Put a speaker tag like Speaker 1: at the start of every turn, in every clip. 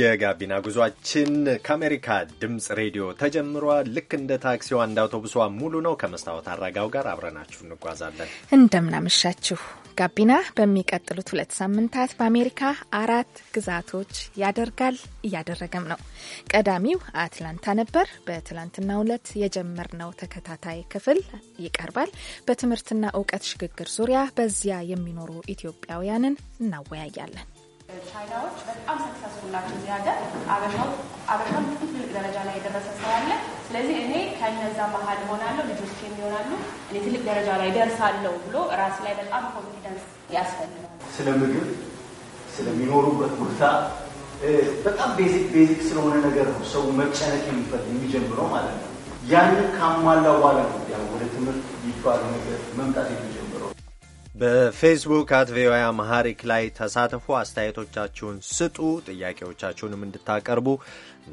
Speaker 1: የጋቢና ጉዟችን ከአሜሪካ ድምፅ ሬዲዮ ተጀምሯል። ልክ እንደ ታክሲዋ እንደ አውቶቡሷ ሙሉ ነው። ከመስታወት አረጋው ጋር አብረናችሁ እንጓዛለን።
Speaker 2: እንደምናመሻችሁ። ጋቢና በሚቀጥሉት ሁለት ሳምንታት በአሜሪካ አራት ግዛቶች ያደርጋል፣ እያደረገም ነው። ቀዳሚው አትላንታ ነበር። በትላንትናው ዕለት የጀመርነው ተከታታይ ክፍል ይቀርባል። በትምህርትና እውቀት ሽግግር ዙሪያ በዚያ የሚኖሩ ኢትዮጵያውያንን እናወያያለን።
Speaker 3: ቻይናዎች በጣም ሰክሰስፉል ናቸው። እዚህ ሀገር አበሻው ትልቅ ደረጃ ላይ የደረሰ ሰው አለ። ስለዚህ እኔ ከነዛ መሀል ሆናለሁ፣ ልጆች የሚሆናሉ፣ እኔ ትልቅ ደረጃ ላይ ደርሳለሁ ብሎ ራስ ላይ በጣም ኮንፊደንስ ያስፈልጋል።
Speaker 4: ስለ ምግብ ስለሚኖሩበት ቦታ በጣም ቤዚክ ቤዚክ ስለሆነ ነገር ነው ሰው መጨነቅ የሚፈል የሚጀምረው ማለት ነው። ያንን ካሟላ በኋላ ነው ወደ ትምህርት ይባሉ ነገር መምጣት የሚጀምረው።
Speaker 1: በፌስቡክ አት ቪኦኤ አማሃሪክ ላይ ተሳተፉ። አስተያየቶቻችሁን ስጡ፣ ጥያቄዎቻችሁንም እንድታቀርቡ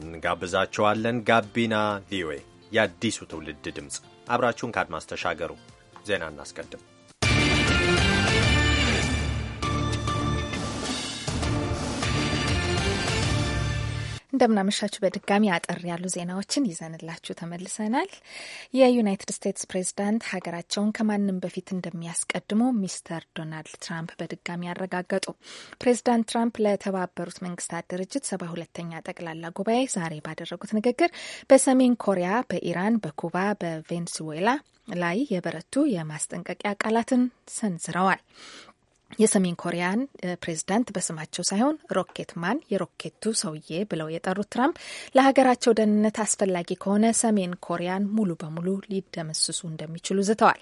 Speaker 1: እንጋብዛችኋለን። ጋቢና ቪኦኤ የአዲሱ ትውልድ ድምፅ፣ አብራችሁን ካድማስ ተሻገሩ። ዜና እናስቀድም።
Speaker 2: እንደምናመሻችሁ በድጋሚ አጠር ያሉ ዜናዎችን ይዘንላችሁ ተመልሰናል። የዩናይትድ ስቴትስ ፕሬዝዳንት ሀገራቸውን ከማንም በፊት እንደሚያስቀድሙ ሚስተር ዶናልድ ትራምፕ በድጋሚ አረጋገጡ። ፕሬዝዳንት ትራምፕ ለተባበሩት መንግስታት ድርጅት ሰባ ሁለተኛ ጠቅላላ ጉባኤ ዛሬ ባደረጉት ንግግር በሰሜን ኮሪያ፣ በኢራን፣ በኩባ፣ በቬንስዌላ ላይ የበረቱ የማስጠንቀቂያ ቃላትን ሰንዝረዋል። የሰሜን ኮሪያን ፕሬዝዳንት በስማቸው ሳይሆን ሮኬት ማን የሮኬቱ ሰውዬ ብለው የጠሩት ትራምፕ ለሀገራቸው ደህንነት አስፈላጊ ከሆነ ሰሜን ኮሪያን ሙሉ በሙሉ ሊደመስሱ እንደሚችሉ ዝተዋል።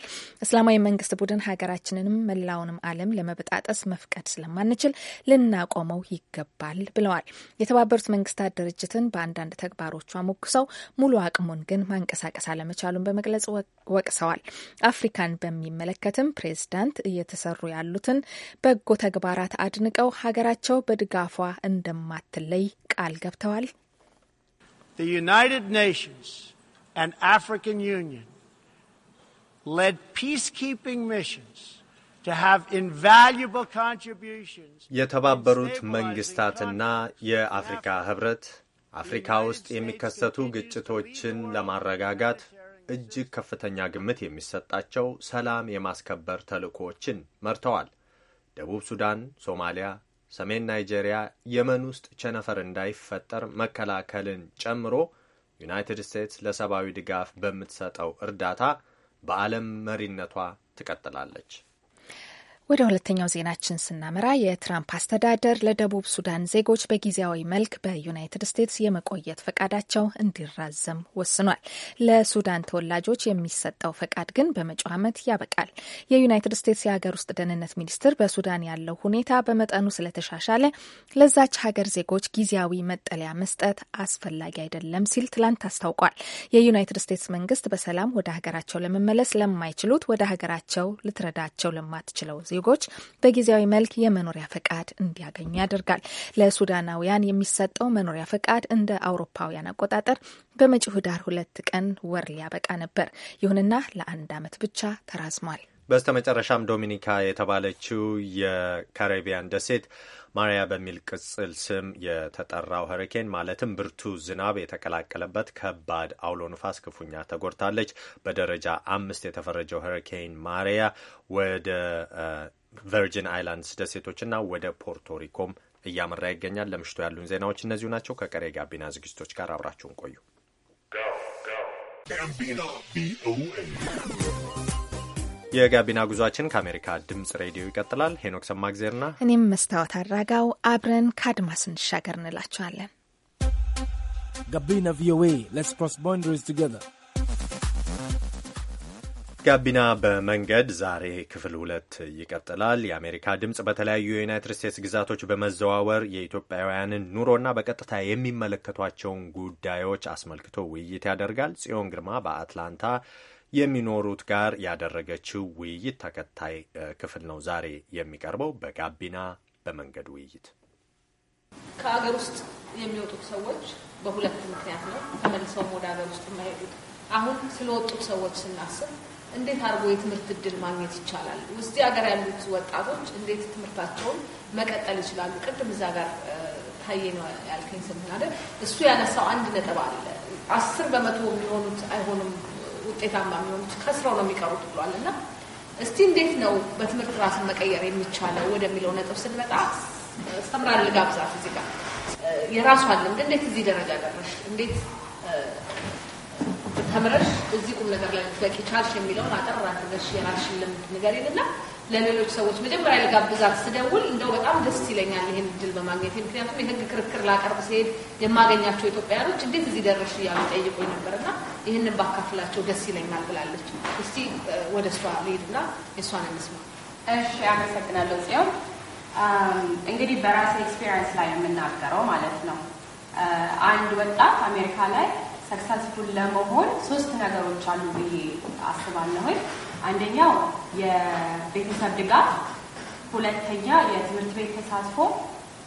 Speaker 2: እስላማዊ መንግስት ቡድን ሀገራችንንም መላውንም ዓለም ለመበጣጠስ መፍቀድ ስለማንችል ልናቆመው ይገባል ብለዋል። የተባበሩት መንግስታት ድርጅትን በአንዳንድ ተግባሮቿ ሞግሰው ሙሉ አቅሙን ግን ማንቀሳቀስ አለመቻሉን በመግለጽ ወቅሰዋል። አፍሪካን በሚመለከትም ፕሬዝዳንት እየተሰሩ ያሉትን በጎ ተግባራት አድንቀው ሀገራቸው በድጋፏ እንደማትለይ ቃል ገብተዋል። The
Speaker 4: United Nations and African Union led peacekeeping missions
Speaker 1: የተባበሩት መንግስታትና የአፍሪካ ህብረት አፍሪካ ውስጥ የሚከሰቱ ግጭቶችን ለማረጋጋት እጅግ ከፍተኛ ግምት የሚሰጣቸው ሰላም የማስከበር ተልእኮዎችን መርተዋል። ደቡብ ሱዳን፣ ሶማሊያ፣ ሰሜን ናይጄሪያ፣ የመን ውስጥ ቸነፈር እንዳይፈጠር መከላከልን ጨምሮ ዩናይትድ ስቴትስ ለሰብአዊ ድጋፍ በምትሰጠው እርዳታ በዓለም መሪነቷ ትቀጥላለች።
Speaker 2: ወደ ሁለተኛው ዜናችን ስናመራ የትራምፕ አስተዳደር ለደቡብ ሱዳን ዜጎች በጊዜያዊ መልክ በዩናይትድ ስቴትስ የመቆየት ፈቃዳቸው እንዲራዘም ወስኗል። ለሱዳን ተወላጆች የሚሰጠው ፈቃድ ግን በመጪው ዓመት ያበቃል። የዩናይትድ ስቴትስ የሀገር ውስጥ ደህንነት ሚኒስትር በሱዳን ያለው ሁኔታ በመጠኑ ስለተሻሻለ ለዛች ሀገር ዜጎች ጊዜያዊ መጠለያ መስጠት አስፈላጊ አይደለም ሲል ትላንት አስታውቋል። የዩናይትድ ስቴትስ መንግስት በሰላም ወደ ሀገራቸው ለመመለስ ለማይችሉት ወደ ሀገራቸው ልትረዳቸው ለማትችለው ዜጎች በጊዜያዊ መልክ የመኖሪያ ፈቃድ እንዲያገኙ ያደርጋል። ለሱዳናውያን የሚሰጠው መኖሪያ ፈቃድ እንደ አውሮፓውያን አቆጣጠር በመጪው ህዳር ሁለት ቀን ወር ሊያበቃ ነበር። ይሁንና ለአንድ ዓመት ብቻ ተራዝሟል።
Speaker 1: በስተመጨረሻም ዶሚኒካ የተባለችው የካሪቢያን ደሴት ማሪያ በሚል ቅጽል ስም የተጠራው ሀሪኬን ማለትም ብርቱ ዝናብ የተቀላቀለበት ከባድ አውሎ ንፋስ ክፉኛ ተጎድታለች። በደረጃ አምስት የተፈረጀው ሀሪኬን ማሪያ ወደ ቨርጂን አይላንድስ ደሴቶችና ወደ ፖርቶሪኮም እያመራ ይገኛል። ለምሽቱ ያሉን ዜናዎች እነዚሁ ናቸው። ከቀሪ ጋቢና ዝግጅቶች ጋር አብራችሁን ቆዩ። የጋቢና ጉዟችን ከአሜሪካ ድምጽ ሬዲዮ ይቀጥላል። ሄኖክ ሰማግዜርና
Speaker 2: እኔም መስታወት አድራጋው አብረን ከአድማስ እንሻገር እንላችኋለን።
Speaker 1: ጋቢና ቪኦኤ ሌትስ ክሮስ ቱጌዘር ጋቢና በመንገድ ዛሬ ክፍል ሁለት ይቀጥላል። የአሜሪካ ድምፅ በተለያዩ የዩናይትድ ስቴትስ ግዛቶች በመዘዋወር የኢትዮጵያውያንን ኑሮና በቀጥታ የሚመለከቷቸውን ጉዳዮች አስመልክቶ ውይይት ያደርጋል። ጽዮን ግርማ በአትላንታ የሚኖሩት ጋር ያደረገችው ውይይት ተከታይ ክፍል ነው ዛሬ የሚቀርበው በጋቢና በመንገድ ውይይት።
Speaker 5: ከአገር ውስጥ የሚወጡት ሰዎች በሁለት ምክንያት ነው ተመልሰውም ወደ ሀገር ውስጥ የማይሄዱት። አሁን ስለወጡት ሰዎች ስናስብ እንዴት አድርጎ የትምህርት እድል ማግኘት ይቻላል? ውስጥ ሀገር ያሉት ወጣቶች እንዴት ትምህርታቸውን መቀጠል ይችላሉ? ቅድም እዛ ጋር ታዬ ነው ያልከኝ ስምናደ እሱ ያነሳው አንድ ነጥብ አለ። አስር በመቶ የሚሆኑት አይሆንም ውጤታማ የሚሆኑት ከስራው ነው የሚቀሩት ብሏል እና እስቲ እንዴት ነው በትምህርት ራስን መቀየር የሚቻለው ወደሚለው ነጥብ ስንመጣ እስተምራል ልጋብዛት እዚህ ጋር የራሷን ልምድ እንዴት እዚህ ደረጃ ደረሽ? እንዴት ተምረሽ እዚህ ቁም ነገር ላይ ልትበቂ ቻልሽ የሚለውን አጠር አድርገሽ የራስሽን ልምድ ንገሪንና ለሌሎች ሰዎች መጀመሪያ ልጋብዛት ስደውል እንደው በጣም ደስ ይለኛል ይህን እድል በማግኘት ምክንያቱም የህግ ክርክር ላቀርብ ሲሄድ የማገኛቸው ኢትዮጵያውያኖች እንዴት እዚህ ደረሽ እያሉ ጠይቆኝ ነበርና ይህንን
Speaker 3: ባካፍላቸው ደስ ይለኛል ብላለች። እስቲ ወደ እሷ ልሂድና የእሷን እንስማ። እሺ፣ አመሰግናለሁ ጽዮን። እንግዲህ በራሴ ኤክስፔሪንስ ላይ የምናገረው ማለት ነው አንድ ወጣት አሜሪካ ላይ ሰክሰስፉል ለመሆን ሶስት ነገሮች አሉ ብዬ አስባለሁኝ። አንደኛው የቤተሰብ ድጋፍ፣ ሁለተኛ የትምህርት ቤት ተሳትፎ፣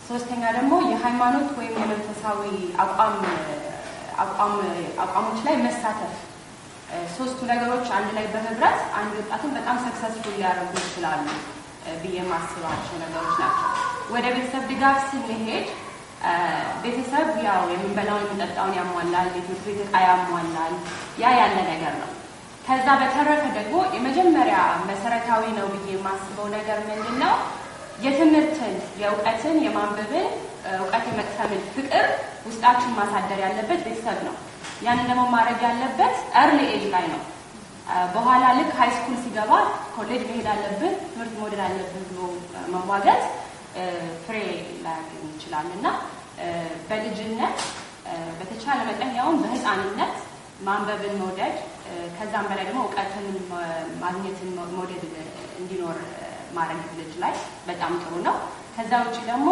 Speaker 3: ሶስተኛ ደግሞ የሃይማኖት ወይም የመንፈሳዊ አቋሞች ላይ መሳተፍ። ሶስቱ ነገሮች አንድ ላይ በመብረት አንድ ወጣትን በጣም ሰክሰስፉል ሊያደርጉ ይችላሉ ብዬ ማስባቸው ነገሮች ናቸው። ወደ ቤተሰብ ድጋፍ ስንሄድ ቤተሰብ ያው የምንበላውን የምንጠጣውን ያሟላል፣ የትምህርት ቤት እቃ ያሟላል። ያ ያለ ነገር ነው። ከዛ በተረፈ ደግሞ የመጀመሪያ መሰረታዊ ነው ብዬ የማስበው ነገር ምንድን ነው? የትምህርትን፣ የእውቀትን፣ የማንበብን እውቀት የመቅሰምን ፍቅር ውስጣችን ማሳደር ያለበት ቤተሰብ ነው። ያንን ደግሞ ማድረግ ያለበት እርሊ ኤጅ ላይ ነው። በኋላ ልክ ሃይስኩል ሲገባ ኮሌጅ መሄድ አለብን፣ ትምህርት መውደድ አለብን ብሎ መዋገት ፍሬ ላያገኙ ይችላል እና በልጅነት በተቻለ መጠን ያውም በህፃንነት ማንበብን መውደድ ከዛም በላይ ደግሞ እውቀትን ማግኘትን መውደድ እንዲኖር ማድረግ ልጅ ላይ በጣም ጥሩ ነው። ከዛ ውጭ ደግሞ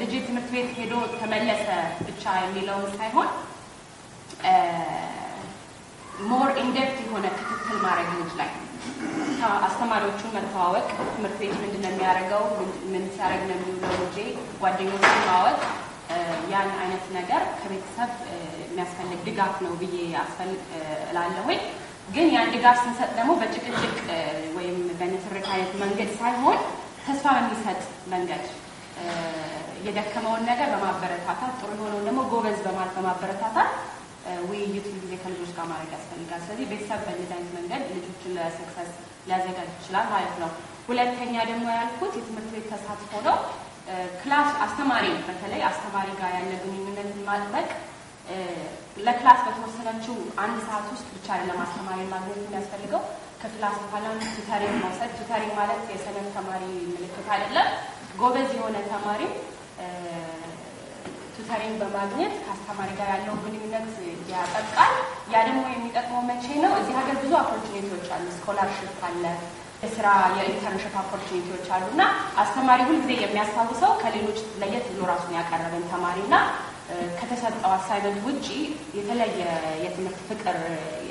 Speaker 3: ልጅ ትምህርት ቤት ሄዶ ተመለሰ ብቻ የሚለውን ሳይሆን ሞር ኢንዴፕት የሆነ ክትትል ማድረግ ልጅ ላይ አስተማሪዎቹን መተዋወቅ፣ ትምህርት ቤት ምንድን ነው የሚያደርገው፣ ምን ሲያደርግ ነው የሚውለው ልጄ፣ ጓደኞቹን ማወቅ፣ ያን አይነት ነገር ከቤተሰብ የሚያስፈልግ ድጋፍ ነው ብዬ እላለሁኝ። ግን ያን ድጋፍ ስንሰጥ ደግሞ በጭቅጭቅ ወይም በንትርክ አይነት መንገድ ሳይሆን ተስፋ በሚሰጥ መንገድ የደከመውን ነገር በማበረታታት ጥሩ የሆነውን ደግሞ ጎበዝ በማለት በማበረታታት ውይይት ጊዜ ከልጆች ጋር ማድረግ ያስፈልጋል። ስለዚህ ቤተሰብ በእንደዚህ አይነት መንገድ ልጆችን ለሰክሰስ ሊያዘጋጅ ይችላል ማለት ነው። ሁለተኛ ደግሞ ያልኩት የትምህርት ቤት ተሳትፎ ነው። ክላስ አስተማሪ በተለይ አስተማሪ ጋር ያለ ግንኙነትን ማጥበቅ ለክላስ በተወሰነችው አንድ ሰዓት ውስጥ ብቻ አይደለም አስተማሪ ማግኘት የሚያስፈልገው። ከክላስ በኋላ ቱተሪንግ መውሰድ። ቱተሪንግ ማለት የሰነፍ ተማሪ ምልክት አይደለም። ጎበዝ የሆነ ተማሪም ቱተሪንግ በማግኘት ከአስተማሪ ጋር ያለው ግንኙነት ያጠቃል። ያ ደግሞ የሚጠቅመው መቼ ነው? እዚህ ሀገር ብዙ ኦፖርቹኒቲዎች አሉ። ስኮላርሽፕ አለ፣ የስራ የኢንተርንሽፕ ኦፖርቹኒቲዎች አሉ እና አስተማሪ ሁልጊዜ የሚያስታውሰው ከሌሎች ለየት ብሎ ራሱን ያቀረበን ተማሪና ከተሰጠው አሳይመንት ውጭ የተለየ የትምህርት ፍቅር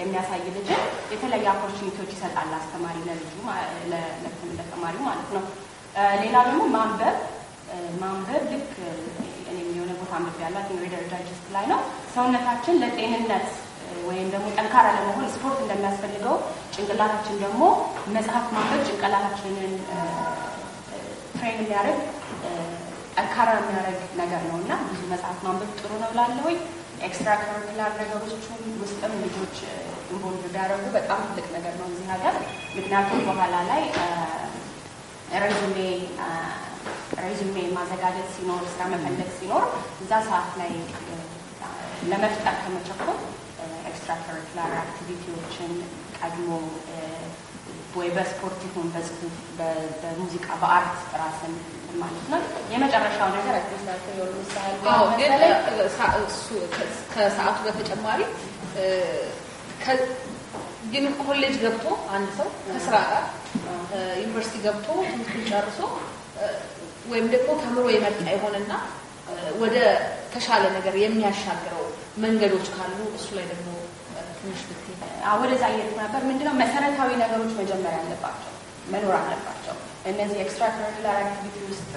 Speaker 3: የሚያሳይ ልጅ የተለየ ኦፖርቹኒቲዎች ይሰጣል አስተማሪ ለልጁ ለተማሪው ማለት ነው። ሌላ ደግሞ ማንበብ ማንበብ ልክ ቦታ ምግብ ያላት የወይደር ዳይጀስት ላይ ነው። ሰውነታችን ለጤንነት ወይም ደግሞ ጠንካራ ለመሆን ስፖርት እንደሚያስፈልገው ጭንቅላታችን ደግሞ መጽሐፍ ማንበብ ጭንቅላታችንን ትሬን የሚያደርግ ጠንካራ የሚያደርግ ነገር ነው እና ብዙ መጽሐፍ ማንበብ ጥሩ ነው ላለሁኝ ኤክስትራ ከሪኩላር ነገሮችን ውስጥም ልጆች ኢንቮልቭ ቢያደርጉ በጣም ትልቅ ነገር ነው እዚህ ሀገር ምክንያቱም በኋላ ላይ ረዥሜ ሬዝሜ ማዘጋጀት ሲኖር ስራ መፈለግ ሲኖር እዛ ሰዓት ላይ ለመፍጠር ከመቸኮል ኤክስትራ ከሪኩላር አክቲቪቲዎችን ቀድሞ ወይ በስፖርት ይሁን በጽሁፍ፣ በሙዚቃ፣ በአርት ራስን ማለት ነው። የመጨረሻው ነገር
Speaker 5: ከሰዓቱ በተጨማሪ ግን ኮሌጅ ገብቶ አንድ ሰው ከስራ ጋር ዩኒቨርሲቲ ገብቶ ትምህርቱን ጨርሶ ወይም ደግሞ ተምሮ የመጣ የሆነና ወደ ተሻለ ነገር የሚያሻግረው መንገዶች ካሉ እሱ ላይ ደግሞ ትንሽ ብት
Speaker 3: ወደዛ እየሄድኩ ነበር። ምንድነው መሰረታዊ ነገሮች መጀመሪያ አለባቸው መኖር አለባቸው። እነዚህ ኤክስትራ ከሪኩላር አክቲቪቲ ውስጥ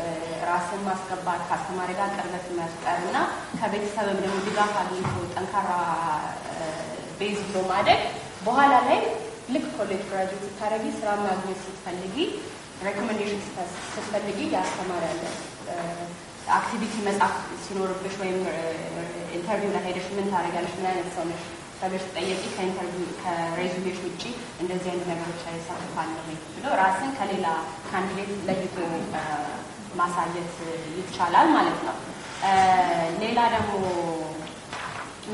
Speaker 3: ራስን ማስገባት፣ ከአስተማሪ ጋር ቅርበት መፍጠር እና ከቤተሰብም ደግሞ ድጋፍ አግኝቶ ጠንካራ ቤዝ ብሎ ማደግ በኋላ ላይ ልክ ኮሌጅ ግራጁዌት ስታደርጊ ስራ ማግኘት ስትፈልጊ ሬኮመንዴሽን ስትፈልጊ ያስተማሪያለ አክቲቪቲ መጽሐፍ ሲኖርብሽ ወይም ኢንተርቪው ላይ ሄደሽ ምን ታደርጊያለሽ፣ ምን አይነት ሰው ነሽ ተብለሽ ትጠየቂ ከኢንተርቪው ከሬዚሜሽ ውጭ እንደዚህ አይነት ነገሮች ላይ እሳተፋለሁ ብሎ ራስን ከሌላ ካንዲዴት ለይቶ ማሳየት ይቻላል ማለት ነው። ሌላ ደግሞ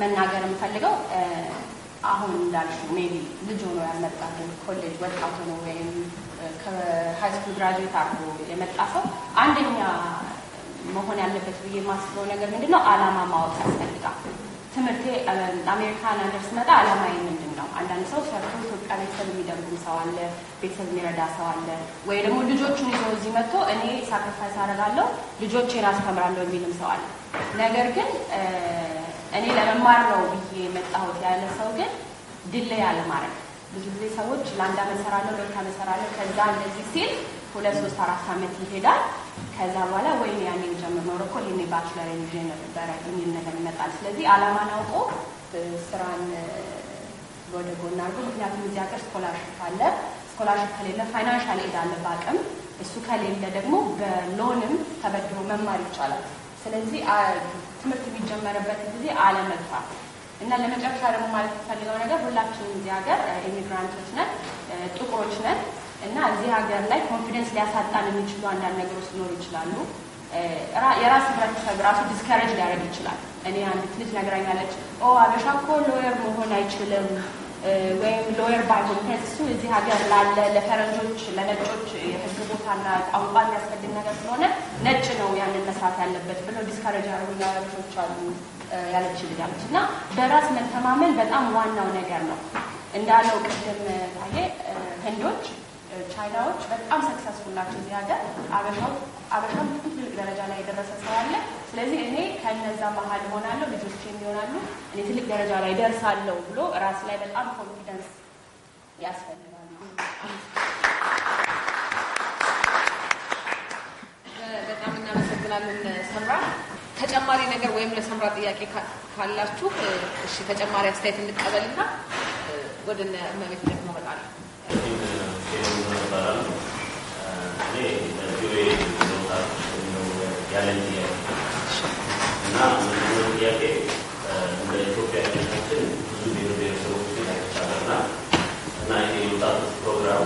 Speaker 3: መናገር የምፈልገው አሁን እንዳልሽው ሜቢ ልጅ ሆኖ ያመጣ ኮሌጅ ወጣት ሆኖ ወይም ከሃይስኩል ግራጁዌት አድርጎ የመጣ ሰው አንደኛ መሆን ያለበት ብዬ የማስበው ነገር ምንድን ነው፣ አላማ ማወቅ ያስፈልጋል። ትምህርቴ አሜሪካን ሀገር ስመጣ አላማዬ ምንድን ነው? አንዳንድ ሰው ሰርቶ ኢትዮጵያ ቤተሰብ የሚደጉም ሰው አለ፣ ቤተሰብ የሚረዳ ሰው አለ። ወይ ደግሞ ልጆቹን ይዘው እዚህ መጥቶ እኔ ሳክሪፋይስ አደርጋለሁ ልጆቼን አስተምራለሁ የሚልም ሰው አለ። ነገር ግን እኔ ለመማር ነው ብዬ የመጣሁት ያለ ሰው ግን ያለ ማድረግ ብዙ ጊዜ ሰዎች ለአንድ አመት ሰራለሁ፣ ለሁለት አመት ሰራለሁ፣ ከዛ እንደዚህ ሲል ሁለት ሶስት አራት አመት ይሄዳል። ከዛ በኋላ ወይም ያኔ ጀምር እኮ ይሄኔ ባችለር ይዤ ነበረ የሚል ነገር ይመጣል። ስለዚህ አላማን አውቆ ስራን ወደ ጎን አርጎ ምክንያቱም እዚህ ሀገር ስኮላርሽፕ አለ። ስኮላርሽፕ ከሌለ ፋይናንሻል ሄዳለ በአቅም እሱ ከሌለ ደግሞ በሎንም ተበድሮ መማር ይቻላል። ስለዚህ ትምህርት የሚጀመርበትን ጊዜ አለመግፋት እና ለመጨረሻ ደግሞ ማለት የምፈልገው ነገር ሁላችንም እዚህ ሀገር ኢሚግራንቶች ነን፣ ጥቁሮች ነን እና እዚህ ሀገር ላይ ኮንፊደንስ ሊያሳጣን የሚችሉ አንዳንድ ነገሮች ሊኖሩ ይችላሉ። የራስ ህብረተሰብ ራሱ ዲስከረጅ ሊያደርግ ይችላል። እኔ ትንሽ ነገር ነግራኛለች፣ ኦ አበሻ እኮ ሎየር መሆን አይችልም ወይም ሎየር ባጀት እሱ እዚህ ሀገር ላለ ለፈረንጆች ለነጮች የህግ ቦታና ቋንቋ የሚያስፈልግ ነገር ስለሆነ ነጭ ነው ያንን መስራት ያለበት ብሎ ዲስካሬጅ ያደረጉ ላያቶች አሉ ያለች ልጃለች እና በራስ መተማመን በጣም ዋናው ነገር ነው። እንዳለው ቅድም ታየ ህንዶች፣ ቻይናዎች በጣም ሰክሰስፉል ናቸው እዚህ ሀገር አበሻው በጣም ትልቅ ደረጃ ላይ የደረሰ ሰው አለ። ስለዚህ እኔ ከነዛ መሀል ሆናለሁ፣ ልጆች የሚሆናሉ፣ እኔ ትልቅ ደረጃ ላይ ደርሳለሁ ብሎ ራስ ላይ በጣም ኮንፊደንስ ያስፈልጋል።
Speaker 5: በጣም እናመሰግናለን ሰምራ። ተጨማሪ ነገር ወይም ለሰምራ ጥያቄ ካላችሁ እሺ፣ ተጨማሪ አስተያየት እንቀበልና ወደ እመቤት ደግሞ እመጣለሁ።
Speaker 1: ቻለንጅ ላይ እና ምንድነው ጥያቄ እንደ ኢትዮጵያ አይነታችን ብዙ ብሔር ብሔረሰቦች
Speaker 4: ይቻላልና እና ይሄ የወጣቶች ፕሮግራም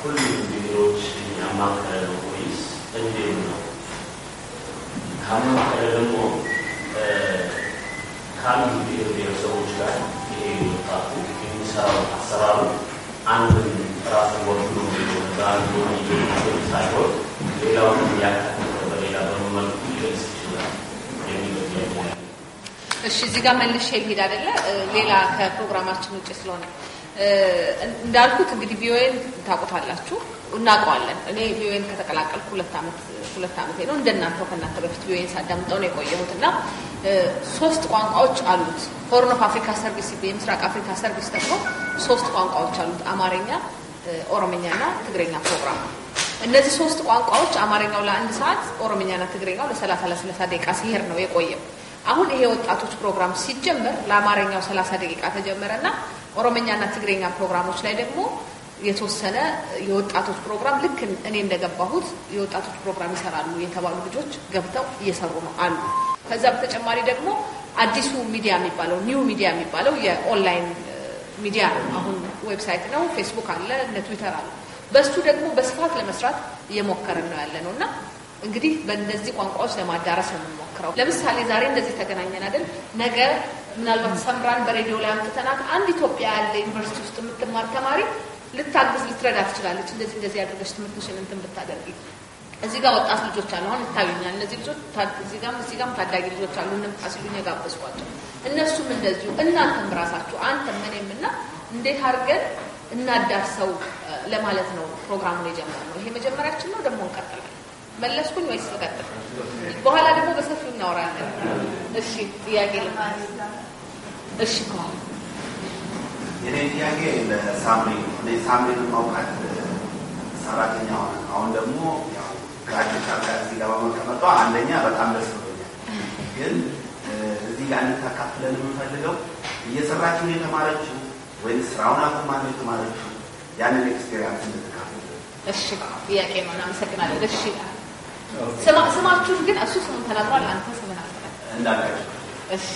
Speaker 4: ሁሉም ብሔሮች ያማከለ ነው ወይስ እንዴት ነው? ካማከለ ደግሞ ከአንዱ ብሔር ብሔረሰቦች ጋር ይሄ የወጣቱ የሚሰራው አሰራሩ አንድን ራሱን
Speaker 3: ወክሎ በአንድ ሳይሆን ሌላውን ያካል
Speaker 5: እሺ፣ እዚህ ጋር መልሼ የሚሄድ አይደለ? ሌላ ከፕሮግራማችን ውጭ ስለሆነ እንዳልኩት እንግዲህ ቪኦኤን ታውቁታላችሁ፣ እናውቀዋለን። እኔ ቪኦኤን ከተቀላቀልኩ ሁለት ዓመት ሁለት ዓመት ነው። እንደናንተው ከእናንተ በፊት ቪኦኤን ሳዳምጠው ነው የቆየሁት እና ሶስት ቋንቋዎች አሉት። ሆርን ኦፍ አፍሪካ ሰርቪስ የምስራቅ አፍሪካ ሰርቪስ ደግሞ ሶስት ቋንቋዎች አሉት፣ አማርኛ፣ ኦሮምኛና ትግረኛ ፕሮግራም። እነዚህ ሶስት ቋንቋዎች አማርኛው ለአንድ ሰዓት ኦሮምኛና ትግረኛው ለሰላሳ ለሰላሳ ደቂቃ ሲሄድ ነው የቆየው። አሁን ይሄ ወጣቶች ፕሮግራም ሲጀመር ለአማርኛው ሰላሳ ደቂቃ ተጀመረና ኦሮምኛና ትግርኛ ፕሮግራሞች ላይ ደግሞ የተወሰነ የወጣቶች ፕሮግራም ልክ እኔ እንደገባሁት የወጣቶች ፕሮግራም ይሰራሉ የተባሉ ልጆች ገብተው እየሰሩ ነው አሉ። ከዛ በተጨማሪ ደግሞ አዲሱ ሚዲያ የሚባለው ኒው ሚዲያ የሚባለው የኦንላይን ሚዲያ አሁን ዌብሳይት ነው፣ ፌስቡክ አለ፣ እነ ትዊተር አለ። በእሱ ደግሞ በስፋት ለመስራት እየሞከርን ነው ያለ ነው እና እንግዲህ በእነዚህ ቋንቋዎች ለማዳረስ ነው የምንሞክረው። ለምሳሌ ዛሬ እንደዚህ ተገናኘን አይደል? ነገ ምናልባት ሰምራን በሬዲዮ ላይ አምጥተናት አንድ ኢትዮጵያ ያለ ዩኒቨርሲቲ ውስጥ የምትማር ተማሪ ልታግዝ ልትረዳ ትችላለች። እንደዚህ እንደዚህ ያደረገች ትምህርትሽን እንትን ብታደርጊ እዚህ ጋር ወጣት ልጆች አሉ። አሁን ይታዩኛል። እነዚህ ልጆች እዚህ ጋም እዚህ ጋም ታዳጊ ልጆች አሉ። እንምጣ ሲሉኝ የጋበዝኳቸው እነሱም እንደዚሁ እናንተም ራሳችሁ አንተም እኔም እና እንዴት አድርገን እናዳርሰው ለማለት ነው ፕሮግራሙን የጀመርነው። ይሄ መጀመሪያችን ነው፣ ደግሞ እንቀጥላለን። መለስኩኝ ወይስ ልቀጥል? በኋላ ደግሞ በሰፊው እናወራለን። እሺ ጥያቄ እሺ ከሆነ
Speaker 4: የኔ ጥያቄ ማውቃት ሰራተኛ ሆነ አሁን ደግሞ ከአዲስ አንደኛ በጣም ደስ ብሎኛል። ግን እዚህ ጋር እንድታካፍለን የምንፈልገው እየሰራችሁ የተማረችው ወይም ስራውን አቁማን የተማረችው ያንን ኤክስፔሪንስ እንድትካፍል።
Speaker 5: እሺ ጥያቄ ነው። እናመሰግናለን። እሺ ስማችሁን ግን እሱ ስሙ ተናግሯል። አንተ ስምን እንዳልከኝ። እሺ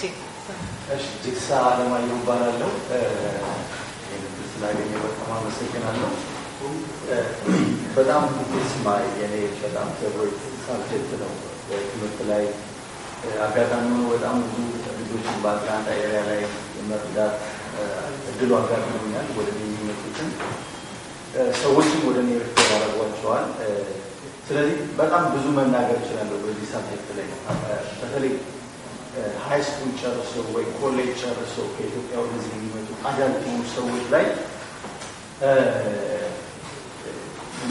Speaker 4: እሺ። ጅግሳ አለማየሁ እባላለሁ። ስላገኘ በጣም አመሰግናለሁ። በጣም ስማ የኔ በጣም ፌቨሪት ሳብጀክት ነው ትምህርት ላይ አጋጣሚ ሆኖ በጣም ብዙ ልጆችን በአትላንታ ኤሪያ ላይ መርዳት እድሉ አጋጥሞኛል። ወደ እኔ የሚመጡትን ሰዎችም ወደ እኔ ሪፈር ያደርጓቸዋል። ስለዚህ በጣም ብዙ መናገር ይችላለሁ በዚህ ሳብጀክት ላይ በተለይ ሀይ ስኩል ጨርሰው ወይ ኮሌጅ ጨርሶ ከኢትዮጵያ ወደዚህ የሚመጡ አዳልት የሆኑ ሰዎች ላይ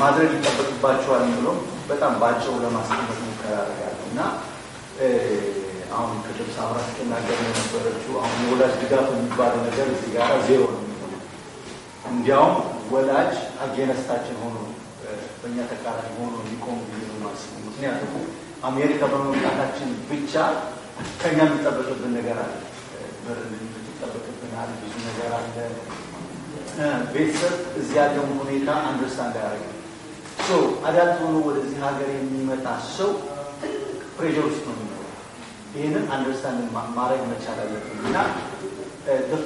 Speaker 4: ማድረግ ይጠበቅባቸዋል የሚለው በጣም ባጭሩ ለማስቀመጥ ሙከራ አደርጋለሁ እና አሁን ቅድም ሳምራ ስትናገር የነበረችው አሁን የወላጅ ድጋፍ የሚባለ ነገር እዚህ ጋር ዜሮ ነው የሚሆነው። እንዲያውም ወላጅ አጌነስታችን ሆኖ በእኛ ተቃራኒ ሆኖ
Speaker 5: የሚቆሙ ብዬ ነው የማስበው።
Speaker 4: ምክንያቱም አሜሪካ በመምጣታችን ብቻ ከኛ የሚጠበቅብን ነገር አለ፣ በር የሚጠበቅብን አለ፣ ብዙ ነገር አለ። ቤተሰብ እዚህ ያለውን ሁኔታ አንደርስታንድ ያደረገ አዳልት ሆኖ ወደዚህ ሀገር የሚመጣ ሰው ትልቅ ፕሬር ውስጥ ነው የሚኖረው። ይህንን አንደርስታንድ ማድረግ መቻል አለብን እና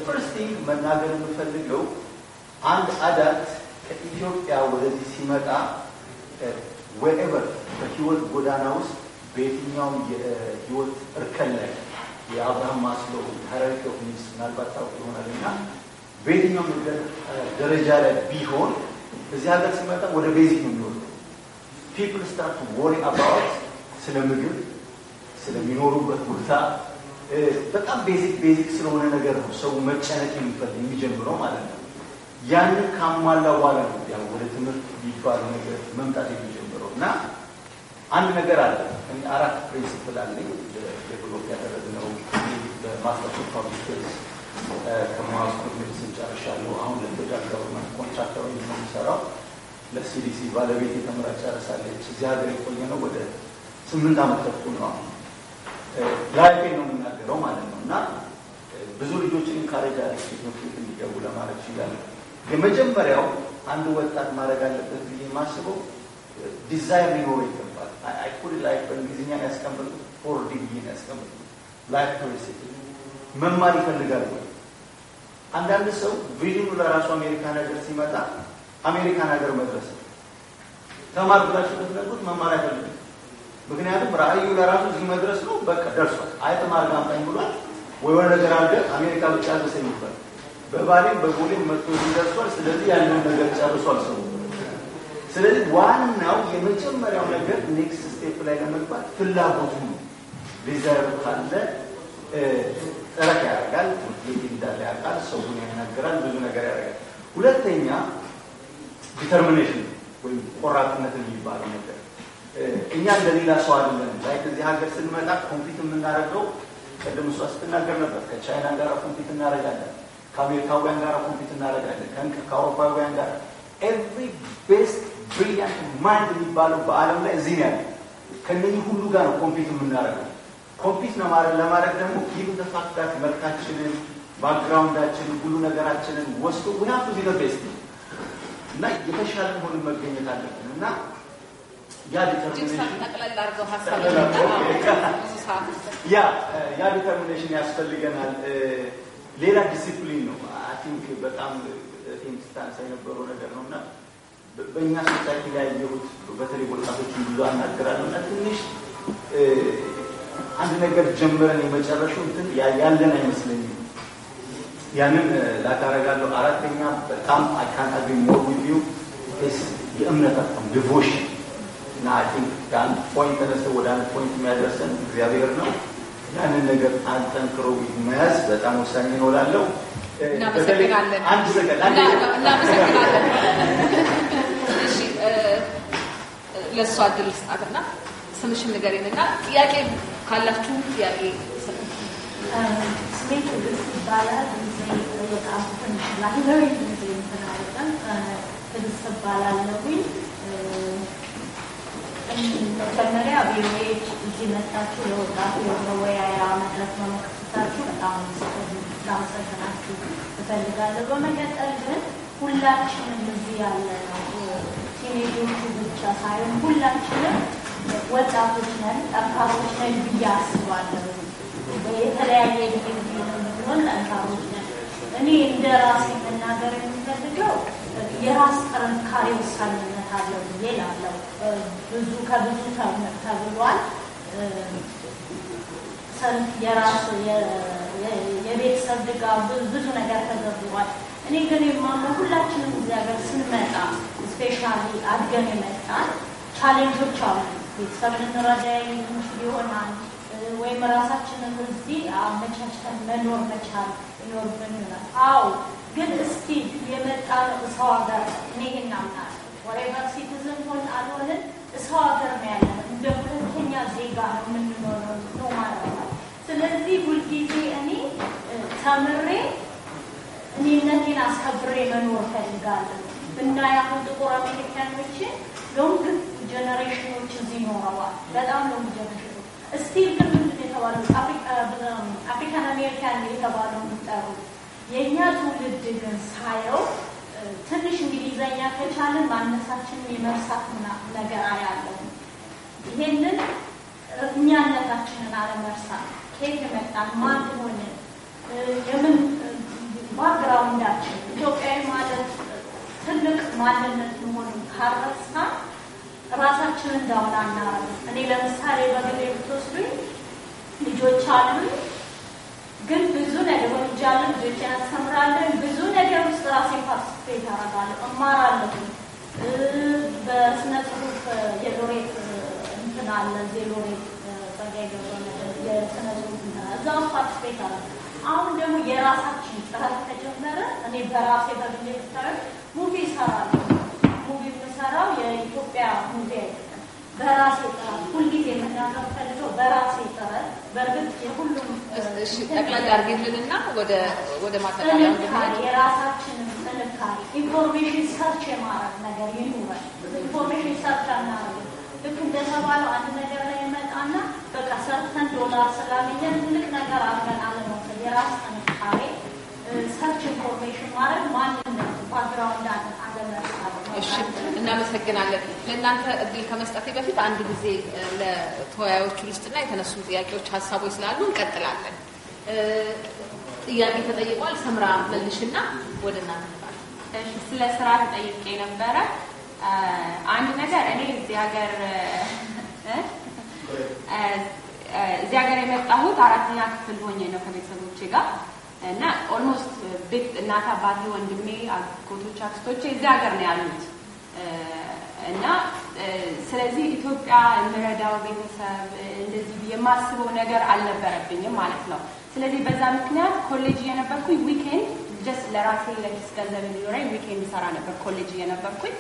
Speaker 4: ፈርስት ቲንግ መናገር የምፈልገው አንድ አዳልት ከኢትዮጵያ ወደዚህ ሲመጣ ወኤቨር በህይወት ጎዳና ውስጥ በየትኛውም የህይወት እርከን ላይ የአብርሃም ማስሎ ሃይራርኪ ኦፍ ኒድስ ምናልባት ታውቁ ይሆናል እና በየትኛውም ደረጃ ላይ ቢሆን እዚህ ሀገር ሲመጣ ወደ ቤዚክ ነው የሚወርደው። ፒፕል ስታርት ወሪ አባውት ስለ ምግብ፣ ስለሚኖሩበት ቦታ በጣም ቤዚክ ቤዚክ ስለሆነ ነገር ነው ሰው መጨነቅ የሚፈል የሚጀምረው ማለት ነው። ያንን ካሟላ በኋላ ነው ያው ወደ ትምህርት ቢባል ነገር መምጣት የሚጀምረው እና አንድ ነገር አለ እኔ አራት ፕሪንስፕል አለኝ ዴቨሎፕ ያደረግነው በማስተር ኦፍ ፐብሊክ ሰርቪስ ከማስተር ሜዲሲን ጨርሻለሁ። አሁን ለፌደራል ገቨርንመንት ኮንትራክተር ነው የምሰራው። ለሲዲሲ ባለቤት የተመራ ጨርሳለች። እዚህ ሀገር የቆየ ነው ወደ ስምንት ዓመት ተኩል ነው። አሁን ላይፌ ነው የምናገረው ማለት ነው እና ብዙ ልጆችን ኢንካሬጅ አድርጌ ትምህርት ቤት እንዲገቡ ለማድረግ ችያለሁ። የመጀመሪያው አንድ ወጣት ማድረግ አለበት ብዬ ማስበው ዲዛይን ሊኖር ይገባል። አይኩል ላይ በእንግሊዝኛ ያስቀምጡ ፎር ዲግሪ ያስቀምጡ ላይፍ ዩኒቨርሲቲ መማር ይፈልጋል ወይ? አንዳንድ ሰው ቪዥኑ ለራሱ አሜሪካን ሀገር ሲመጣ አሜሪካን ሀገር መድረስ ተማር ብላችሁ ብትነግሩት መማር አይፈልግም። ምክንያቱም ራእዩ ለራሱ እዚህ መድረስ ነው። በቃ ደርሷል። አይ ተማር ጋምጣኝ ብሏል ወይ ወደ ነገር አድርገህ አሜሪካ ብቻ ደስ የሚባል በባሌም በቦሌም መጥቶ ደርሷል። ስለዚህ ያለውን ነገር ጨርሷል ሰው። ስለዚህ ዋናው የመጀመሪያው ነገር ኔክስት ስቴፕ ላይ ለመግባት ፍላጎቱ ነው። ሪዘርቭ ካለ ጥረት ያደርጋል፣ ውጤት እንዳለ ያውቃል፣ ሰውን ያናገራል፣ ብዙ ነገር ያደርጋል። ሁለተኛ ዲተርሚኔሽን ወይም ቆራጥነት የሚባለው ነገር እኛ እንደሌላ ሰው አይደለም። ላይ እዚህ ሀገር ስንመጣ ኮምፒት የምናደርገው ቅድም እሷ ስትናገር ነበር፣ ከቻይና ጋር ኮምፒት እናደርጋለን ከአሜሪካውያን ጋር ኮምፒት እናደርጋለን፣ ከአውሮፓውያን ጋር ኤቭሪ ቤስት ብሪሊያንት ማይንድ የሚባለው በዓለም ላይ እዚህ ያለ ከነዚህ ሁሉ ጋር ነው ኮምፒት የምናደርገው። ኮምፒት ለማድረግ ደግሞ ይህ ተፋክታት መልካችንን፣ ባክግራውንዳችንን፣ ሁሉ ነገራችንን ወስዶ ውናቱ ዚ ቤስት ነው እና የተሻለ ሆን መገኘት አለብን እና ያ ያ ዲተርሚኔሽን ያስፈልገናል። ሌላ ዲሲፕሊን ነው። አይ ቲንክ በጣም ኢንስታንስ የነበረው ነገር ነው እና በእኛ ሶሳይቲ ላይ ያየሁት በተለይ ወጣቶችን ብዙ አናገራለሁ እና ትንሽ አንድ ነገር ጀምረን የመጨረሹ እንትን ያለን አይመስለኝም። ያንን ላታረጋለሁ። አራተኛ በጣም አካንት አገኘው ስ የእምነት አቅም ዲቮሽን እና አይ ቲንክ ከአንድ ፖይንት ተነስተ ወደ አንድ ፖይንት የሚያደርሰን እግዚአብሔር ነው። ያንን ነገር አጠንክሮ መያዝ በጣም ወሳኝ ነው እላለሁ። እናመሰግናለን። አንድ ሰቀል
Speaker 5: ለእሷ እድል ስጣትና ስምሽን ንገሪንና ጥያቄ ካላችሁ ጥያቄ
Speaker 6: ስሜት ትግስት ይባላል። በጣም ትንሽ ላይብረሪ ትንሽ ተናወጠን ትግስት ይባላለሁኝ መጀመሪያ ቪኦኤ እዚህ መታችሁ የወጣቱ የመወያያ መድረክ በመክፈታችሁ በጣም ላመሰግናችሁ እፈልጋለሁ። በመቀጠል ግን ሁላችንም እዚህ ያለ ቲኔጆቹ ብቻ ሳይሆን ሁላችንም ወጣቶች ነን፣ ጠንካሮች ነን ብዬ አስባለሁ። የተለያየ ጊዜ ቢሆን ጠንካሮች ነን። እኔ እንደ ራሴ መናገር የሚፈልገው የራስ ጥንካሬ ውሳኔነት አለው ብዬ ላለው ብዙ ከብዙ ተብሏል። ሰልፍ የራሱ የቤተሰብ ድጋፍ ብዙ ነገር ተዘርዝሯል። እኔ ግን የማምነው ሁላችንም እዚህ ሀገር ስንመጣ ስፔሻሊ አድገን የመጣን ቻሌንጆች አሉ። ቤተሰብ ልንረዳ የምንችል ይሆናል ወይም ራሳችንን እዚህ አመቻችተን መኖር መቻል ይኖርብን ይሆናል። አዎ ግን እስኪ የመጣ ነው ሰው ሀገር እኔ እናምናል ወሬቨር ሲቲዝን ሆን አልሆንን ሰው ሀገር ነው ያለ እንደ ሁለተኛ ዜጋ ነው የምንኖረው ነው ማለት ነው። ስለዚህ ሁልጊዜ እኔ ተምሬ እኔነቴን አስከብሬ መኖር ፈልጋለሁ እና ያሁን ጥቁር አሜሪካኖችን ሎንግ ጀነሬሽኖች እዚህ ይኖረዋል። በጣም ሎንግ ጀነሬሽኖች እስቲ ግን ምንድን የተባሉ አፍሪካን አሜሪካን የተባለው የሚጠሩት የእኛ ትውልድ ግን ሳየው ትንሽ እንግሊዘኛ ከቻልን ማነሳችንን የመርሳት ነገር አያለን። ይሄንን እኛነታችንን አለመርሳ ከየት መጣን፣ ማን ሆን የምን ባክግራውንዳችን ኢትዮጵያዊ ማለት ትልቅ ማንነት መሆኑን ካረሳ ራሳችንን እንዳሁን አናረም። እኔ ለምሳሌ በግሌ ብትወስዱኝ ልጆች አሉኝ ግን ብዙ ነገር ወንጃለን፣ ልጆች ያስተምራለን። ብዙ ነገር ውስጥ ራሴን ፓርቲስፔት አደርጋለሁ፣ እማራለሁ። በስነ ጽሁፍ የሎሬት እንትን አለ እዚህ ሎሬት ጸጋዬ ገብረመድህን የስነ ጽሁፍ እንትን እዛ ፓርቲስፔት አደርጋለሁ። አሁን ደግሞ የራሳችን ጥረት ተጀመረ። እኔ በራሴ በግሌ ብታዩ ሙቪ እሰራለሁ። ሙቪ የምሰራው የኢትዮጵያ ሙቪ አይደለም በራሴ ጥረት ሁልጊዜ የምናገር ፈልገው በራሴ ጥረት በእርግጥ የሁሉም
Speaker 5: ጠቅላይ አድርጌልንና ወደ ወደ ማጠቃለያ
Speaker 6: የራሳችንን ጥንካሬ ኢንፎርሜሽን ሰርች የማድረግ ነገር ይኑረን። ኢንፎርሜሽን ሰርች አናደርግም። ልክ እንደ አንድ ነገር ላይ ይመጣና በቃ ሰርተን ዶላር ስላገኘን ትልቅ ነገር አድርገን አለመውሰድ የራስ ጥንካሬ ሰርች ኢንፎርሜሽን ማድረግ ማንነት ባግራውንድ አለመሳለ እሺ፣ እናመሰግናለን።
Speaker 5: ለእናንተ እድል ከመስጠቴ በፊት አንድ ጊዜ ለተወያዮቹ ልስጥና የተነሱ ጥያቄዎች፣ ሀሳቦች ስላሉ እንቀጥላለን። ጥያቄ ተጠይቋል። ሰምራ መልሽና
Speaker 3: ወደ እናንተ ስለ ስራ ተጠይቄ ነበረ። አንድ ነገር እኔ እዚህ ሀገር እዚህ ሀገር የመጣሁት አራተኛ ክፍል ሆኜ ነው ከቤተሰቦቼ ጋር እና ኦልሞስት uh, ቤት እናት አባቴ፣ ወንድሜ፣ አጎቶች፣ አክስቶቼ እዚህ ሀገር ነው ያሉት uh, እና uh, ስለዚህ ኢትዮጵያ የምረዳው ቤተሰብ እንደዚህ የማስበው ነገር አልነበረብኝም ማለት ነው። ስለዚህ በዛ ምክንያት ኮሌጅ እየነበርኩኝ ዊኬንድ ጀስት ለራሴ ለኪስ ገንዘብ እንዲኖረኝ ዊኬንድ ሰራ ነበር ኮሌጅ እየነበርኩኝ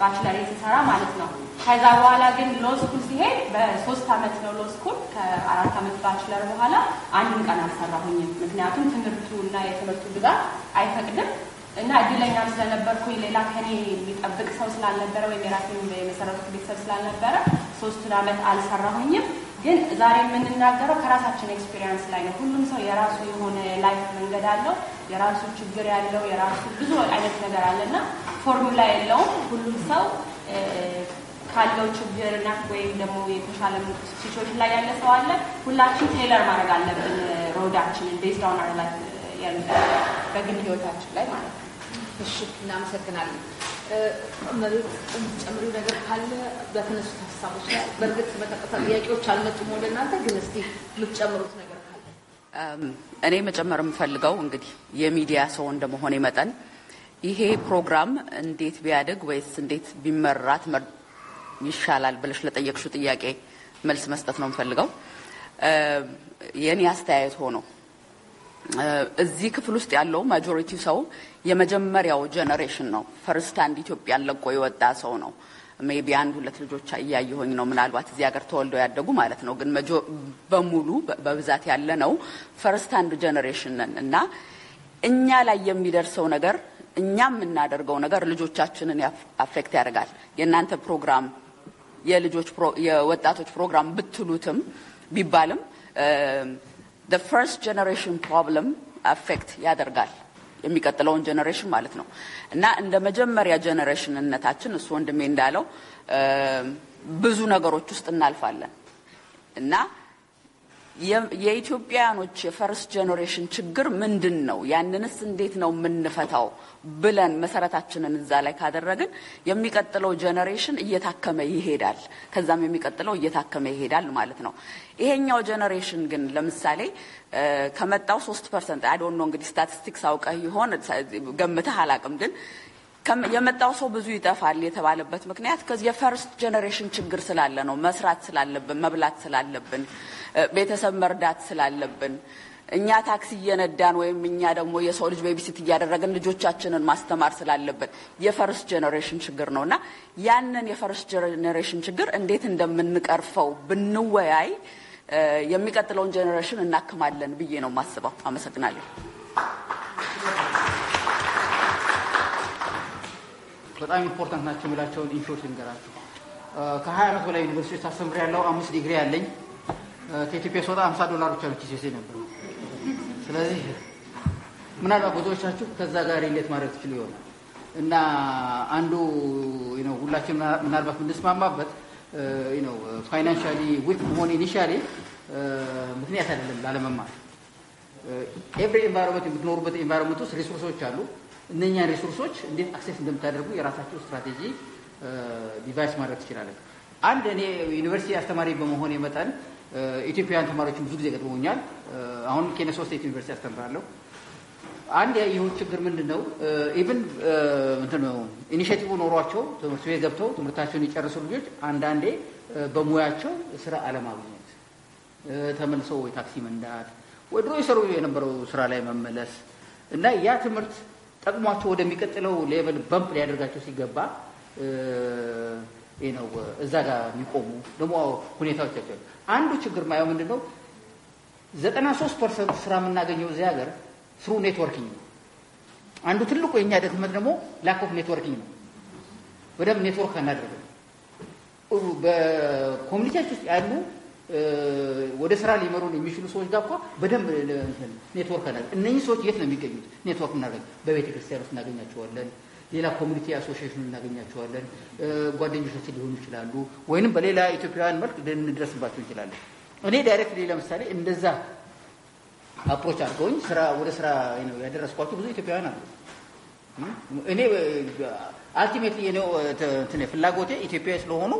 Speaker 3: ባችለር የተሰራ ማለት ነው። ከዛ በኋላ ግን ሎስኩል ሲሄድ በሶስት አመት ነው ሎስኩል። ስኩል ከአራት አመት ባችለር በኋላ አንድም ቀን አልሰራሁኝም። ምክንያቱም ትምህርቱ እና የትምህርቱ ብዛት አይፈቅድም እና እድለኛ ስለነበርኩኝ ሌላ ከኔ የሚጠብቅ ሰው ስላልነበረ ወይም የራሴ የመሰረቱት ቤተሰብ ስላልነበረ ሶስቱን አመት አልሰራሁኝም። ግን ዛሬ የምንናገረው ከራሳችን ኤክስፔሪንስ ላይ ነው። ሁሉም ሰው የራሱ የሆነ ላይፍ መንገድ አለው፣ የራሱ ችግር ያለው የራሱ ብዙ አይነት ነገር አለና ፎርሙላ የለውም። ሁሉም ሰው ካለው ችግርና ወይም ደግሞ የተሻለ ሲቾች ላይ ያለ ሰው አለ። ሁላችን ቴይለር ማድረግ አለብን ሮዳችንን ቤዝድ ኦን አወር ላይፍ በግል ህይወታችን ላይ ማለት ነው። እሺ እናመሰግናለን።
Speaker 5: መሬት ጨምሪው ነገር ካለ በተነሱት ሀሳቦች ላይ በእርግጥ በቀጥታ ጥያቄዎች አልመጡም ወደ እናንተ ግን እስቲ የምትጨምሩት ነገር
Speaker 7: ካለ እኔ መጨመር የምፈልገው እንግዲህ የሚዲያ ሰው እንደመሆኔ መጠን ይሄ ፕሮግራም እንዴት ቢያደግ ወይስ እንዴት ቢመራት ይሻላል ብለሽ ለጠየቅሹ ጥያቄ መልስ መስጠት ነው የምፈልገው። የኔ አስተያየት ሆኖ እዚህ ክፍል ውስጥ ያለው ማጆሪቲ ሰው የመጀመሪያው ጀነሬሽን ነው። ፈርስት አንድ ኢትዮጵያን ለቆ የወጣ ሰው ነው። ቢ አንድ ሁለት ልጆች እያየሆኝ ነው፣ ምናልባት እዚህ ሀገር ተወልደው ያደጉ ማለት ነው። ግን በሙሉ በብዛት ያለ ነው ፈርስት አንድ ጀነሬሽን ነን እና እኛ ላይ የሚደርሰው ነገር እኛ የምናደርገው ነገር ልጆቻችንን አፌክት ያደርጋል። የእናንተ ፕሮግራም የልጆች የወጣቶች ፕሮግራም ብትሉትም ቢባልም the first generation problem አፌክት ያደርጋል የሚቀጥለውን ጀኔሬሽን ማለት ነው እና እንደ መጀመሪያ ጀኔሬሽንነታችን እሱ ወንድሜ እንዳለው ብዙ ነገሮች ውስጥ እናልፋለን እና የኢትዮጵያውያኖች የፈርስት ጀኔሬሽን ችግር ምንድን ነው? ያንንስ እንዴት ነው የምንፈታው ብለን መሰረታችንን እዛ ላይ ካደረግን የሚቀጥለው ጀኔሬሽን እየታከመ ይሄዳል። ከዛም የሚቀጥለው እየታከመ ይሄዳል ማለት ነው። ይሄኛው ጀኔሬሽን ግን ለምሳሌ ከመጣው ሶስት ፐርሰንት አይዶን ነው ኖ እንግዲህ ስታቲስቲክስ አውቀህ ይሆን ገምተህ አላቅም ግን የመጣው ሰው ብዙ ይጠፋል የተባለበት ምክንያት ከዚህ የፈርስት ጀኔሬሽን ችግር ስላለ ነው። መስራት ስላለብን፣ መብላት ስላለብን፣ ቤተሰብ መርዳት ስላለብን እኛ ታክሲ እየነዳን ወይም እኛ ደግሞ የሰው ልጅ ቤቢሲት እያደረግን ልጆቻችንን ማስተማር ስላለብን የፈርስት ጀኔሬሽን ችግር ነው እና ያንን የፈርስት ጀኔሬሽን ችግር እንዴት እንደምንቀርፈው ብንወያይ የሚቀጥለውን ጀኔሬሽን እናክማለን ብዬ ነው የማስበው። አመሰግናለሁ።
Speaker 8: በጣም ኢምፖርታንት ናቸው የምላቸውን ኢንሾች ልንገራቸው። ከሀያ ዓመት በላይ ዩኒቨርሲቲ ውስጥ ያለው አምስት ዲግሪ ያለኝ ከኢትዮጵያ ስወጣ ሀምሳ ዶላር ብቻ ነው ኪሴ ነበር። ስለዚህ ምናልባት ብዙዎቻችሁ ከዛ ጋር ሌት ማድረግ ትችሉ ይሆናል እና አንዱ ሁላችን ምናልባት የምንስማማበት ፋይናንሻሊ ዊክ መሆን ኢኒሻሊ ምክንያት አይደለም ላለመማር ኤቭሪ ኤንቫይሮንመንት የምትኖሩበት ኤንቫይሮንመንት ውስጥ ሪሶርሶች አሉ። እነኛ ሪሶርሶች እንዴት አክሴስ እንደምታደርጉ የራሳቸው ስትራቴጂ ዲቫይስ ማድረግ ትችላለን። አንድ እኔ ዩኒቨርሲቲ አስተማሪ በመሆን የመጠን ኢትዮጵያውያን ተማሪዎችን ብዙ ጊዜ ገጥሞኛል። አሁን ኬነ ሶስት ስቴት ዩኒቨርሲቲ አስተምራለሁ። አንድ ይሁን ችግር ምንድን ነው ኢቭን ኢኒሽቲቭ ኖሯቸው ትምህርት ቤት ገብተው ትምህርታቸውን የጨረሱ ልጆች አንዳንዴ በሙያቸው ስራ አለማግኘት፣ ተመልሰው ወይ ታክሲ መንዳት ወይ ድሮ የሰሩ የነበረው ስራ ላይ መመለስ እና ያ ትምህርት ጠቅሟቸው ወደሚቀጥለው ሌቨል በምፕ ሊያደርጋቸው ሲገባ ነው እዛ ጋር የሚቆሙ ደግሞ ሁኔታዎች ያቸዋል። አንዱ ችግር ማየው ምንድን ነው ዘጠና ሶስት ፐርሰንት ስራ የምናገኘው እዚህ ሀገር ስሩ ኔትወርኪንግ ነው። አንዱ ትልቁ የኛ ደክመት ደግሞ ላክ ኦፍ ኔትወርኪንግ ነው። በደንብ ኔትወርክ አናደርግም። በኮሚኒቲያችን ውስጥ ያሉ ወደ ስራ ሊመሩን የሚችሉ ሰዎች ጋር እኮ በደንብ ኔትወርክ አለ። እነኚህ ሰዎች የት ነው የሚገኙት? ኔትወርክ እናደርግ። በቤተ ክርስቲያን ውስጥ እናገኛቸዋለን። ሌላ ኮሚኒቲ አሶሲሽን እናገኛቸዋለን። ጓደኞቻችን ሊሆኑ ይችላሉ፣ ወይንም በሌላ ኢትዮጵያውያን መልክ ልንደርስባቸው እንችላለን። እኔ ዳይሬክትሊ ለምሳሌ እንደዛ አፕሮች አድርገውኝ ስራ ወደ ስራ ያደረስኳቸው ብዙ ኢትዮጵያውያን አሉ። እኔ አልቲሜትሊ ፍላጎቴ ኢትዮጵያዊ ስለሆኑ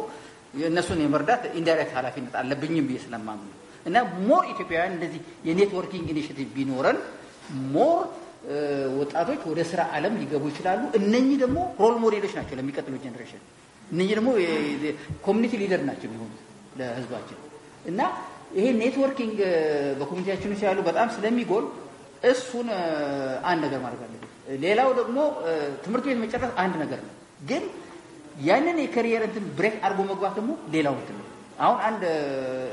Speaker 8: እነሱን የመርዳት ኢንዳይሬክት ኃላፊነት አለብኝም ብዬ ስለማምን እና ሞር ኢትዮጵያውያን እንደዚህ የኔትወርኪንግ ኢኒሽቲቭ ቢኖረን ሞር ወጣቶች ወደ ስራ ዓለም ሊገቡ ይችላሉ። እነኚህ ደግሞ ሮል ሞዴሎች ናቸው ለሚቀጥሉ ጀኔሬሽን። እነኚህ ደግሞ ኮሚኒቲ ሊደር ናቸው የሚሆኑት ለህዝባችን እና ይሄ ኔትወርኪንግ በኮሚኒቲያችን ውስጥ ያሉ በጣም ስለሚጎል እሱን አንድ ነገር ማድረግ አለብን። ሌላው ደግሞ ትምህርት ቤት መጨረስ አንድ ነገር ነው፣ ግን ያንን የከሪየር እንትን ብሬክ አድርጎ መግባት ደግሞ ሌላው እንትን ነው። አሁን አንድ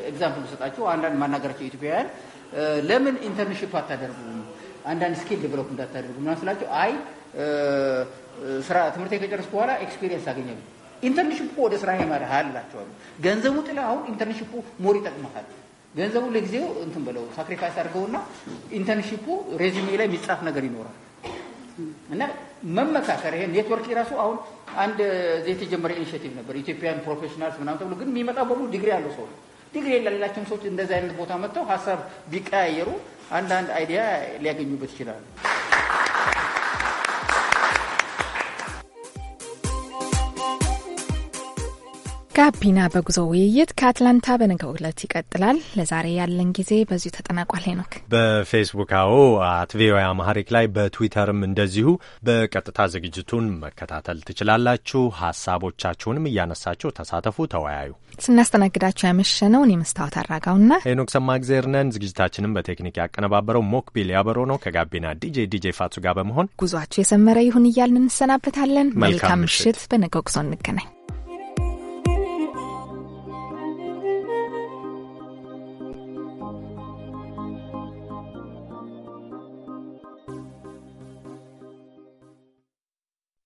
Speaker 8: ኤግዛምፕል ብሰጣቸው አንዳንድ ማናገራቸው ኢትዮጵያውያን ለምን ኢንተርንሽፕ አታደርጉም አንዳንድ ስኪል ዴቨሎፕ እንዳታደርጉ ምናምን ስላቸው አይ ስራ ትምህርት ከጨረስኩ በኋላ ኤክስፒሪየንስ አገኛሉ። ኢንተርንሽፑ ወደ ስራ ያመራሃል እላቸዋለሁ። ገንዘቡ ጥላ አሁን ኢንተርንሽፑ ሞር ይጠቅመታል። ገንዘቡ ለጊዜው እንትን ብለው ሳክሪፋይስ አድርገውና ኢንተርንሽፑ ሬዚሜ ላይ የሚጻፍ ነገር ይኖራል እና መመካከር ይሄ ኔትወርክ የራሱ አሁን አንድ የተጀመረ ኢኒሽቲቭ ነበር። ኢትዮጵያን ፕሮፌሽናልስ ምናምን ተብሎ ግን የሚመጣው በሙሉ ዲግሪ ያለው ሰው ነው። ዲግሪ የሌላቸውም ሰዎች እንደዚህ አይነት ቦታ መጥተው ሀሳብ ቢቀያየሩ አንዳንድ አይዲያ ሊያገኙበት ይችላሉ።
Speaker 2: ጋቢና በጉዞ ውይይት ከአትላንታ በነገው ዕለት ይቀጥላል። ለዛሬ ያለን ጊዜ በዚሁ ተጠናቋል። ሄኖክ
Speaker 1: በፌስቡክ አዎ አት ቪኦኤ አማሪክ ላይ በትዊተርም እንደዚሁ በቀጥታ ዝግጅቱን መከታተል ትችላላችሁ። ሀሳቦቻችሁንም እያነሳችሁ ተሳተፉ፣ ተወያዩ።
Speaker 2: ስናስተናግዳችሁ ያመሸነው እኔ መስታወት አራጋውና
Speaker 1: ሄኖክ ሰማእግዜር ነን። ዝግጅታችንም በቴክኒክ ያቀነባበረው ሞክቢል ያበሮ ነው። ከጋቢና ዲጄ ዲጄ ፋቱ ጋር በመሆን
Speaker 2: ጉዟችሁ የሰመረ ይሁን እያልን እንሰናበታለን። መልካም ምሽት። በነገው ጉዞ እንገናኝ።